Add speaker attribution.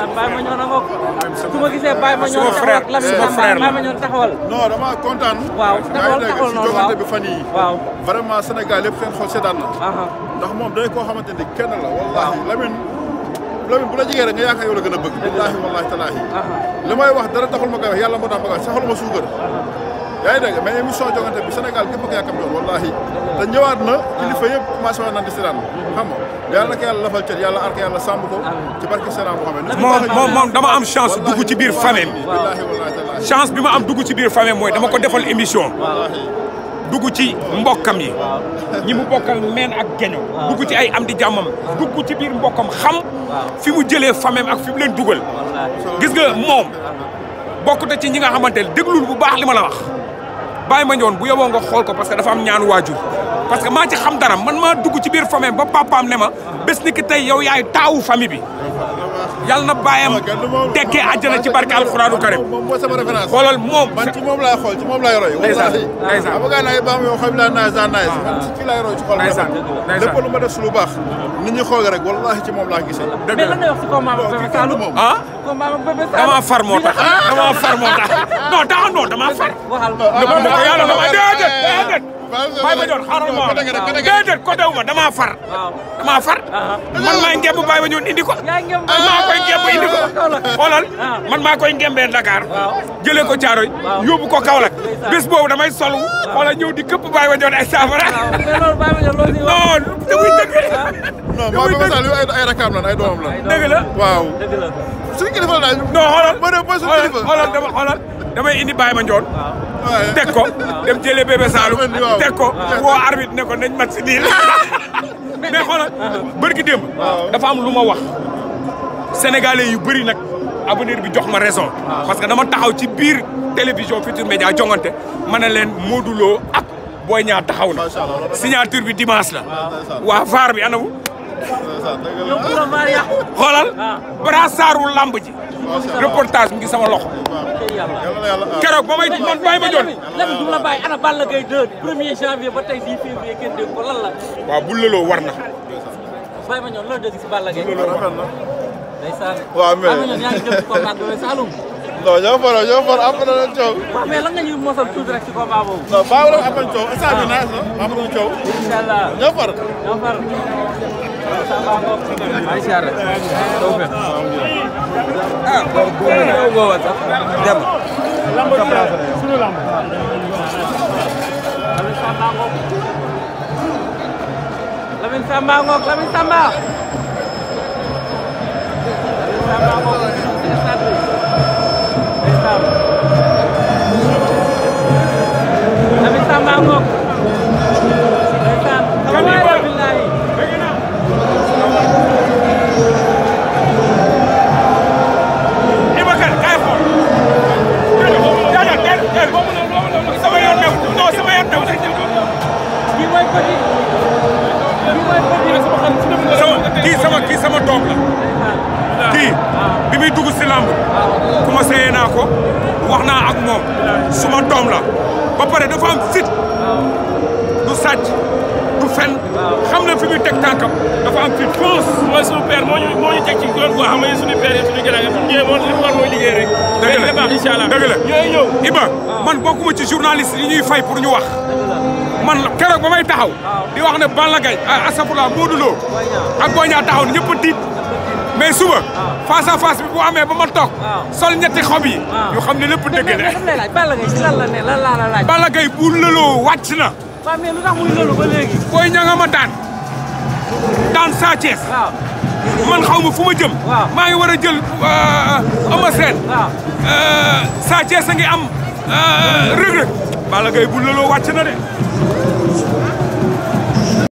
Speaker 1: ndeysaan Baye Mandione ngoog su ma gisee Baye Mandione taxawal ak Lamine Bamba Baye Mandione taxawal non dama kontaan waaw taxawal taxawal noonu waaw bi fan yi waaw vraiment yëpp seen xol seddaan na ndax moom day koo xamante ni kenn la wallahi Lamine Lamine bu la jigee rek nga yaakaar yow gën a bëgg wallahi wallahi talaahi wax dara taxul ma koy wax yàlla moo tax ma koy wax saxul ma suukar yaa ngi dégg mais émission jongante bi Sénégal képp ko yàkkam yoon wallahi te ñëwaat na kilifa yëpp commencé woon na di seetaan xam nga yàlla nag yàlla lafal cër yàlla ar ko yàlla sàmm ko ci barke Sénégal Mohamed moom moom dama am chance dugg ci biir famille chance bi am dugg ci biir famille mooy dama ko defal émission dugg ci mbokkam yi ñi mu bokkal meen ak geño dugg ci ay am di jàmmam dugg ci biir mbokkam xam fi mu jëlee famille ak fi mu leen dugal gis nga moom bokk na ci ñi nga xamante ne déglul bu baax li la wax Baye Mandione bu yoboo nga xool ko parce que ñaan waajur parce que ci xam dara man maa dugg ci biir famille ba papaam ne ma bés ni ki tey yow yaay taawu famille bi yàlla na bàyyam tekkee àjjana ci barke alxuraanu karim moom moom man ci moom laay xool ci moom laay roy ndeysaan ndeysaan abagaa naa yi baax yow xam naa naa nit ñi xool rek wallaahi ci moom laa gisee. dëgg la mais lan nga wax si combat ba Bébé Saloum. ah combat ba Bébé Saloum damaa far moo tax damaa far moo far. dama déedéet déedéet. bàyyi ba joon xaaral ma far. damaa far. man maa ngemb ko. xoolal man maa koy ngembee Dakar ko Caaroy yóbbu ko Kaolack bés boobu damay sol xoolal ñëw di këpp bàyyi ma doon ay saafara non damuy dëgg ah. non maa ko sal yu ay rakam lan ay damay indi bàyyi ma njoon teg ko dem jëlee bébé Saloum teg ko woo arbitre ne ko nañ mat si diil mais xoolal bërki démb dafa am lu ma wax sénégalais yu bëri nag avenir bi jox ma raison. parce que dama taxaw ci biir télévision Futurs Médias jongante ma ne leen Modou Lo ak Boy Niang taxaw na. signature bi dimanche la. waa VAR bi anamu. xoolal brassaaru lamb ji. reportage mi ngi sama loxo. keroog ba may man ma jot. léegi du ma la bàyyi ana Balla Gaye 2 premier janvier ba tey jii février kenn dégg ko la. bu lëloo war na. waaw mais non ñoo faral ñoo faral am na leen coow. waaw mais lan nga ñu mosal tuuti rek ci combat boobu. non baax na am nañu coow instant bii naaj na am nañu coow. incha allah ñoo faral. ñoo faral. macha allah. ah boobu bu wér yow boo woon sax dem. lamb suñu lamb. Lamine Samba ngoog Lamine Samba ngoog Lamine Samba. Tá bravo, waaw ba pare dafa am fit du sàcc du fen xam na fi muy teg tànkam dafa am fit fonce mooy suñu père moo ñu moo ñu teg ci góor boo xam ne suñu père yi suñu não yi bu ñu ñëwee moom li mu war mooy liggéey rek dëgg la baax incha allah dëgg la ñooy ñëw Iba man bokkuma ci journaliste yi ñuy fay pour ñu wax man keroog ba may taxaw di wax ne Balla Gaye ah, asafula Modou Lo ak Boy Niang taxaw ne ñëpp a tiit mais suba face à bi bu amee ba ma toog. Ah. sol ñetti xob yi. Ah. ñu xam ne lépp dëgg ne lan laa la laaj. bu lëloo wàcc na. waaw mais lu ma daan daan Sa man xaw ma fu ma jëm. maa ngi war a jël euh, Eumeu Sène. Euh, Sa ngi am euh, rëg-rëg. Balla Gaye bu lëloo wàcc na de.